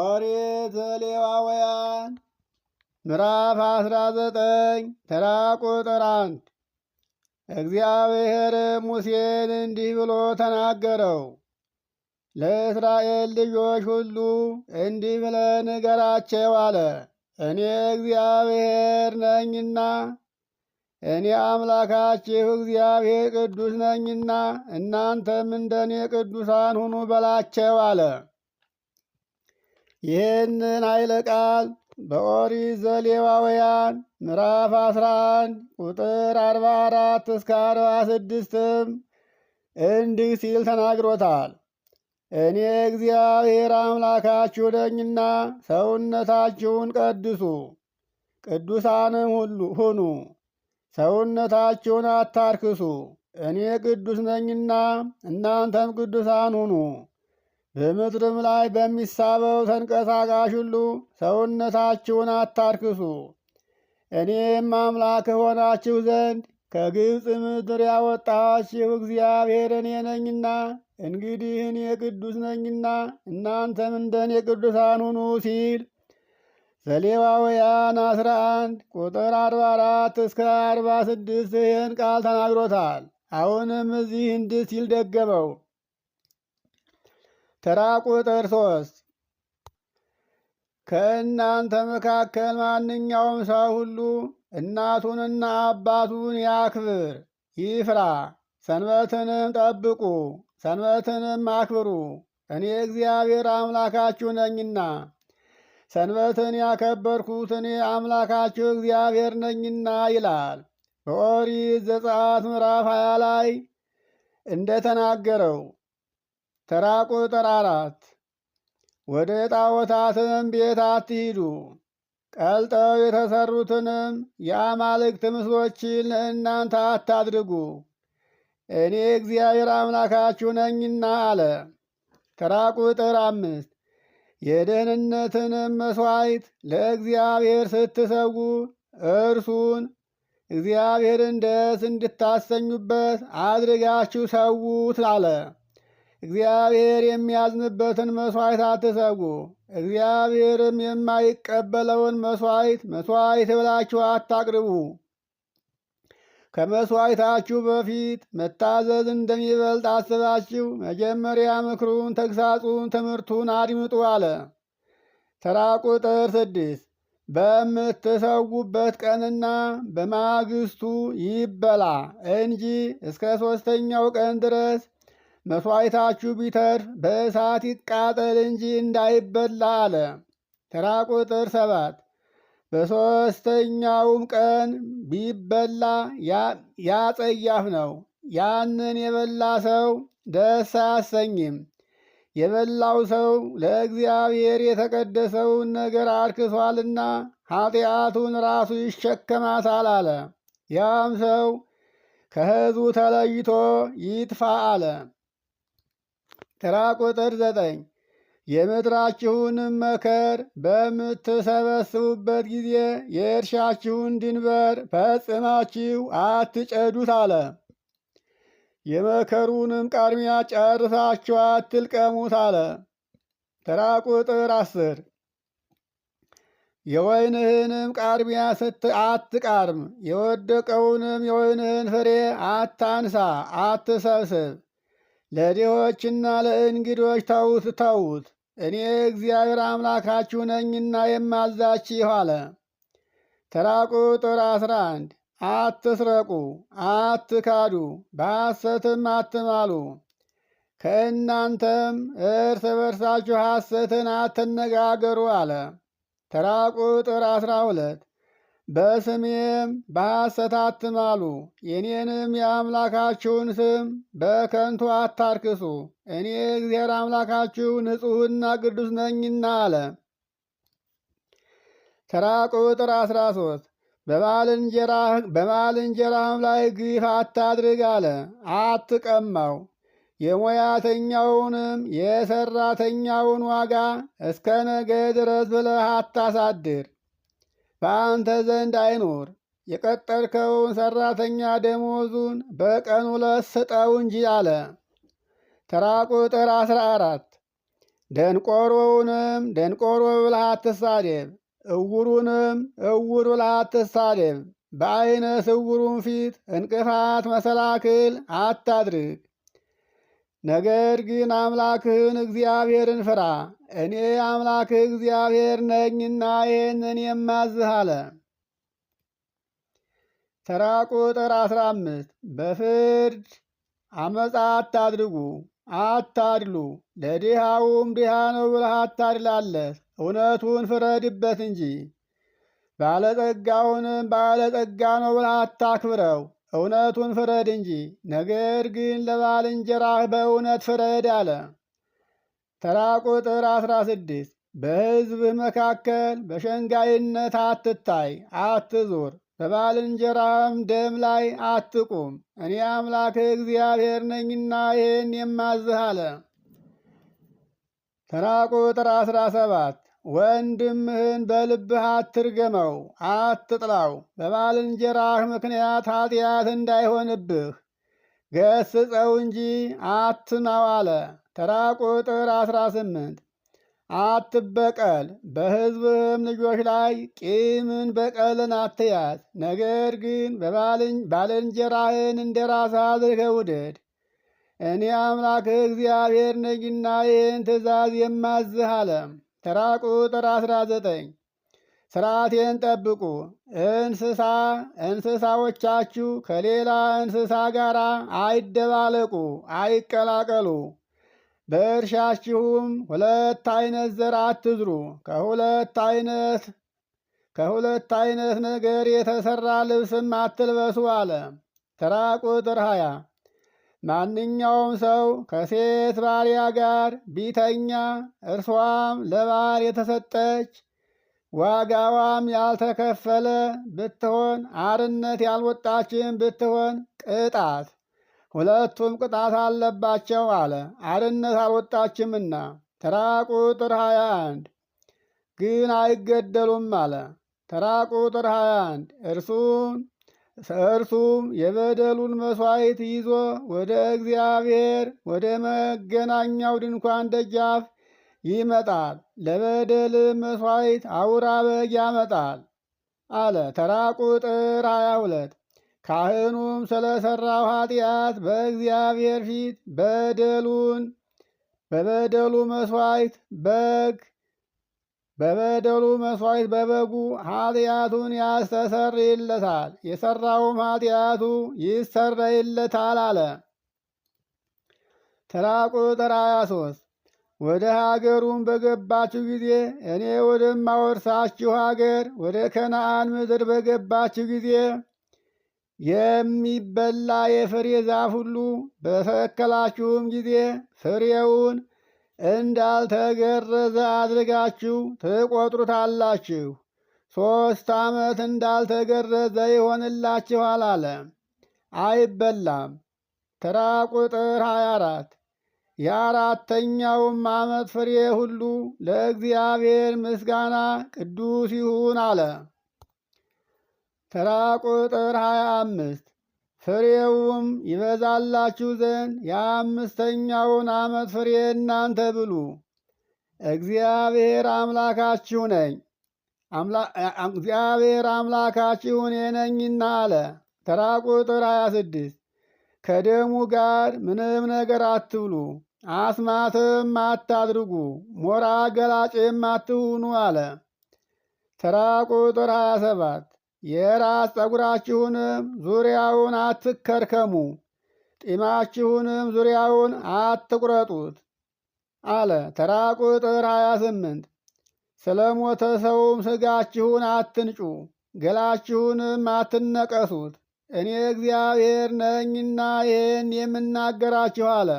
ኦሪት ሌዋውያን ምዕራፍ አስራ ዘጠኝ ተራ ቁጥር አንድ እግዚአብሔር ሙሴን እንዲህ ብሎ ተናገረው። ለእስራኤል ልጆች ሁሉ እንዲህ ብለ ንገራቸው አለ። እኔ እግዚአብሔር ነኝና እኔ አምላካችሁ እግዚአብሔር ቅዱስ ነኝና እናንተም እንደኔ ቅዱሳን ሁኑ በላቸው አለ። ይህንን ኃይለ ቃል በኦሪት ዘሌዋውያን ምዕራፍ 11 ቁጥር 44 እስከ 46ም እንዲህ ሲል ተናግሮታል። እኔ እግዚአብሔር አምላካችሁ ነኝና ሰውነታችሁን ቀድሱ፣ ቅዱሳንም ሁሉ ሁኑ፣ ሰውነታችሁን አታርክሱ፣ እኔ ቅዱስ ነኝና እናንተም ቅዱሳን ሁኑ። በምድርም ላይ በሚሳበው ተንቀሳቃሽ ሁሉ ሰውነታችሁን አታርክሱ። እኔም አምላክ ሆናችሁ ዘንድ ከግብፅ ምድር ያወጣችሁ እግዚአብሔር እኔ ነኝና፣ እንግዲህ እኔ ቅዱስ ነኝና እናንተም እንደኔ ቅዱሳን ሁኑ ሲል ዘሌዋውያን 11 ቁጥር 44 እስከ 46 ይህን ቃል ተናግሮታል። አሁንም እዚህ እንዲህ ሲል ደገመው። ተራ ቁጥር ሶስት ከእናንተ መካከል ማንኛውም ሰው ሁሉ እናቱንና አባቱን ያክብር ይፍራ። ሰንበትንም ጠብቁ፣ ሰንበትንም አክብሩ። እኔ እግዚአብሔር አምላካችሁ ነኝና ሰንበትን ያከበርኩት እኔ አምላካችሁ እግዚአብሔር ነኝና ይላል። በኦሪት ዘጸአት ምዕራፍ ሀያ ላይ እንደተናገረው ተራ ቁጥር አራት ወደ ጣዖታትም ቤት አትሂዱ፣ ቀልጠው የተሰሩትንም የአማልክት ምስሎችን ለእናንተ አታድርጉ፣ እኔ እግዚአብሔር አምላካችሁ ነኝና አለ። ተራ ቁጥር አምስት የደህንነትንም መሥዋዕት ለእግዚአብሔር ስትሰዉ እርሱን እግዚአብሔርን ደስ እንድታሰኙበት አድርጋችሁ ሰዉት አለ። እግዚአብሔር የሚያዝንበትን መሥዋዕት አትሰጉ፣ እግዚአብሔርም የማይቀበለውን መሥዋዕት መሥዋዕት ብላችሁ አታቅርቡ። ከመሥዋዕታችሁ በፊት መታዘዝ እንደሚበልጥ አስባችሁ መጀመሪያ ምክሩን፣ ተግሳጹን፣ ትምህርቱን አድምጡ አለ። ተራ ቁጥር ስድስት በምትሰውበት ቀንና በማግስቱ ይበላ እንጂ እስከ ሦስተኛው ቀን ድረስ መሥዋዕታችሁ ቢተር በእሳት ይቃጠል እንጂ እንዳይበላ አለ። ተራ ቁጥር ሰባት በሦስተኛውም ቀን ቢበላ ያጸያፍ ነው። ያንን የበላ ሰው ደስ አያሰኝም። የበላው ሰው ለእግዚአብሔር የተቀደሰውን ነገር አርክሷልና ኃጢአቱን ራሱ ይሸከማታል አለ። ያም ሰው ከሕዝቡ ተለይቶ ይጥፋ አለ። ተራ ቁጥር ዘጠኝ የምድራችሁንም መከር በምትሰበስቡበት ጊዜ የእርሻችሁን ድንበር ፈጽማችሁ አትጨዱት አለ። የመከሩንም ቃርሚያ ጨርሳችሁ አትልቀሙት አለ። ተራ ቁጥር አስር የወይንህንም ቃርሚያ አትቃርም፣ የወደቀውንም የወይንህን ፍሬ አታንሳ አትሰብስብ ለድሆችና ለእንግዶች ታውት ታውት እኔ እግዚአብሔር አምላካችሁ ነኝና የማዛችሁ አለ። ተራ ቁጥር አስራ አንድ አትስረቁ፣ አትካዱ፣ በሐሰትም አትማሉ፣ ከእናንተም እርስ በርሳችሁ ሐሰትን አትነጋገሩ አለ። ተራ ቁጥር አስራ ሁለት በስሜም በሐሰት አትማሉ፣ የኔንም የአምላካችሁን ስም በከንቱ አታርክሱ። እኔ እግዚአብሔር አምላካችሁ ንጹሕና ቅዱስ ነኝና አለ። ተራ ቁጥር 13 በባልንጀራህም ላይ ግፍ አታድርግ አለ። አትቀማው፣ የሙያተኛውንም የሰራተኛውን ዋጋ እስከ ነገ ድረስ ብለህ አታሳድር። በአንተ ዘንድ አይኖር። የቀጠርከውን ሰራተኛ ደሞዙን በቀን ሁለት ስጠው እንጂ አለ። ተራ ቁጥር አስራ አራት ደንቆሮውንም ደንቆሮ ብለህ አትሳደብ፣ እውሩንም እውር ብለህ አትሳደብ። በአይነ ስውሩን ፊት እንቅፋት መሰላክል አታድርግ። ነገር ግን አምላክህን እግዚአብሔርን ፍራ፣ እኔ አምላክህ እግዚአብሔር ነኝና ይህንን የማዝህ አለ። ተራ ቁጥር 15 በፍርድ አመፃ አታድርጉ አታድሉ፣ ለድሃውም ድሃ ነው ብለህ አታድላለት፣ እውነቱን ፍረድበት እንጂ ባለጠጋውንም ባለጠጋ ነው ብለህ አታክብረው እውነቱን ፍረድ እንጂ፣ ነገር ግን ለባልንጀራህ በእውነት ፍረድ አለ። ተራ ቁጥር 16 በሕዝብህ መካከል በሸንጋይነት አትታይ፣ አትዞር፣ በባልንጀራህም ደም ላይ አትቁም። እኔ አምላክህ እግዚአብሔር ነኝና ይህን የማዝህ አለ። ተራ ቁጥር 17 ወንድምህን በልብህ አትርገመው፣ አትጥላው። በባልንጀራህ ምክንያት ኃጢአት እንዳይሆንብህ ገስጸው እንጂ አትናው አለ። ተራ ቁጥር አስራ ስምንት አትበቀል፣ በሕዝብህም ልጆች ላይ ቂምን በቀልን አትያዝ። ነገር ግን ባልንጀራህን እንደ ራስህ አድርገህ ውደድ። እኔ አምላክህ እግዚአብሔር ነኝና ይህን ትእዛዝ የማዝህ አለም። ተራ ቁጥር 19 ስርዓቴን ጠብቁ። እንስሳ እንስሳዎቻችሁ ከሌላ እንስሳ ጋር አይደባለቁ፣ አይቀላቀሉ። በእርሻችሁም ሁለት አይነት ዘር አትዝሩ። ከሁለት አይነት ከሁለት አይነት ነገር የተሰራ ልብስም አትልበሱ አለ። ተራ ቁጥር ሃያ ማንኛውም ሰው ከሴት ባሪያ ጋር ቢተኛ እርሷም ለባል የተሰጠች ዋጋዋም ያልተከፈለ ብትሆን አርነት ያልወጣችን ብትሆን ቅጣት ሁለቱም ቅጣት አለባቸው አለ። አርነት አልወጣችምና። ተራ ቁጥር 21 ግን አይገደሉም አለ። ተራ ቁጥር 21 እርሱን እርሱም የበደሉን መሥዋዕት ይዞ ወደ እግዚአብሔር ወደ መገናኛው ድንኳን ደጃፍ ይመጣል። ለበደልም መሥዋዕት አውራ በግ ያመጣል አለ። ተራ ቁጥር 22 ካህኑም ስለ ሠራው ኃጢአት በእግዚአብሔር ፊት በደሉን በበደሉ መሥዋዕት በግ በበደሉ መስዋዕት በበጉ ኃጢአቱን ያስተሰርይለታል፣ የሰራውም ኃጢአቱ ይሰረይለታል አለ። ተራ ቁጥር 23 ወደ ሀገሩም በገባችሁ ጊዜ እኔ ወደማወርሳችሁ ሀገር ወደ ከነአን ምድር በገባችሁ ጊዜ የሚበላ የፍሬ ዛፍ ሁሉ በተከላችሁም ጊዜ ፍሬውን እንዳልተገረዘ አድርጋችሁ ትቆጥሩታላችሁ። ሦስት ዓመት እንዳልተገረዘ ይሆንላችኋል አለ። አይበላም። ተራ ቁጥር 24 የአራተኛውም ዓመት ፍሬ ሁሉ ለእግዚአብሔር ምስጋና ቅዱስ ይሁን አለ። ተራ ቁጥር 25 ፍሬውም ይበዛላችሁ ዘንድ የአምስተኛውን ዓመት ፍሬ እናንተ ብሉ። እግዚአብሔር አምላካችሁ ነኝ እግዚአብሔር አምላካችሁ እኔ ነኝና አለ። ተራ ቁጥር 26 ከደሙ ጋር ምንም ነገር አትብሉ፣ አስማትም አታድርጉ፣ ሞራ ገላጭም አትሁኑ አለ። ተራ ቁጥር 27 የራስ ጠጉራችሁንም ዙሪያውን አትከርከሙ፣ ጢማችሁንም ዙሪያውን አትቁረጡት አለ። ተራ ቁጥር 28 ስለ ሞተ ሰውም ሥጋችሁን አትንጩ፣ ገላችሁንም አትነቀሱት፣ እኔ እግዚአብሔር ነኝና ይህን የምናገራችሁ አለ።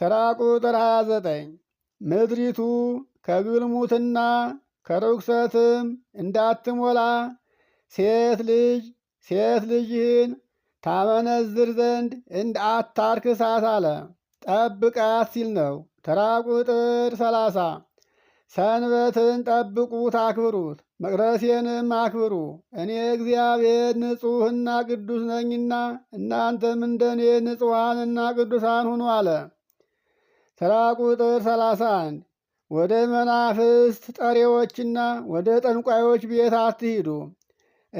ተራ ቁጥር 29 ምድሪቱ ከግልሙትና ከርኩሰትም እንዳትሞላ ሴት ልጅ ሴት ልጅህን ታመነዝር ዘንድ እንደ አታርክሳት አለ። ጠብቃት ሲል ነው። ተራ ቁጥር ሰላሳ ሰንበትን ጠብቁት አክብሩት፣ መቅደሴንም አክብሩ። እኔ እግዚአብሔር ንጹሕና ቅዱስ ነኝና እናንተም እንደ እኔ ንጹሐንና ቅዱሳን ሁኑ አለ። ተራ ቁጥር ሰላሳ አንድ ወደ መናፍስት ጠሪዎችና ወደ ጠንቋዮች ቤት አትሂዱ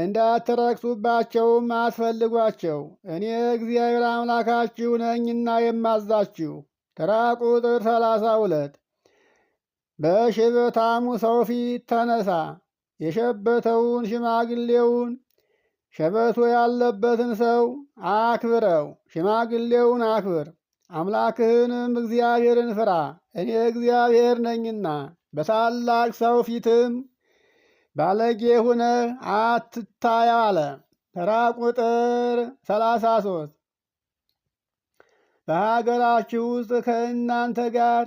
እንዳትረክሱባቸውም አስፈልጓቸው። እኔ እግዚአብሔር አምላካችሁ ነኝና የማዛችሁ። ተራ ቁጥር ሰላሳ ሁለት በሽበታሙ ሰው ፊት ተነሳ የሸበተውን ሽማግሌውን ሸበቶ ያለበትን ሰው አክብረው፣ ሽማግሌውን አክብር። አምላክህንም እግዚአብሔርን ፍራ፣ እኔ እግዚአብሔር ነኝና በታላቅ ሰው ፊትም ባለጌ ሁነ አትታያ አለ። ተራ ቁጥር 33 በሀገራችሁ ውስጥ ከእናንተ ጋር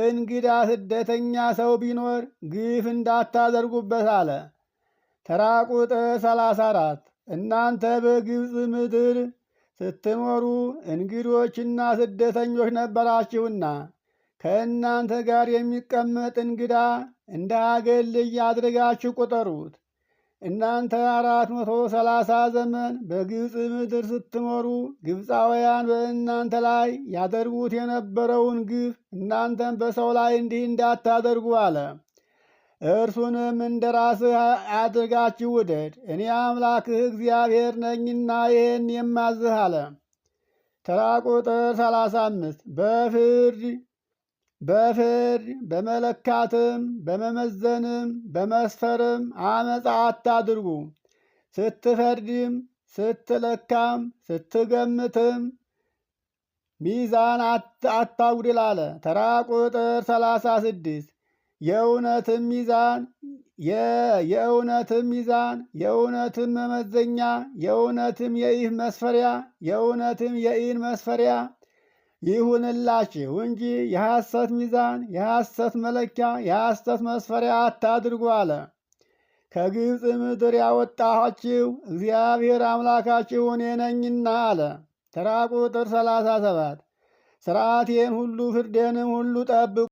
እንግዳ ስደተኛ ሰው ቢኖር ግፍ እንዳታደርጉበት አለ። ተራ ቁጥር 34 እናንተ በግብፅ ምድር ስትኖሩ እንግዶችና ስደተኞች ነበራችሁና ከእናንተ ጋር የሚቀመጥ እንግዳ እንደ ልጅ አድርጋችሁ ቁጠሩት። እናንተ አራት መቶ ሰላሳ ዘመን በግብፅ ምድር ስትኖሩ ግብፃውያን በእናንተ ላይ ያደርጉት የነበረውን ግፍ እናንተም በሰው ላይ እንዲህ እንዳታደርጉ አለ። እርሱንም እንደ ራስህ አድርጋችሁ ውደድ፣ እኔ አምላክህ እግዚአብሔር ነኝና ይህን የማዝህ አለ። ተራ ቁጥር 35 በፍርድ በፍርድ በመለካትም በመመዘንም በመስፈርም አመፃ አታድርጉ። ስትፈርድም ስትለካም ስትገምትም ሚዛን አታጉድል አለ። ተራ ቁጥር 36 የእውነትም ሚዛን የእውነትም ሚዛን የእውነትም መመዘኛ የእውነትም የኢህ መስፈሪያ የእውነትም የኢን መስፈሪያ ይሁንላችሁ እንጂ የሐሰት ሚዛን፣ የሐሰት መለኪያ፣ የሐሰት መስፈሪያ አታድርጉ አለ። ከግብፅ ምድር ያወጣኋችሁ እግዚአብሔር አምላካችሁ እኔ ነኝና አለ። ተራ ቁጥር 37 ሥርዓቴን ሁሉ ፍርዴንም ሁሉ ጠብቁ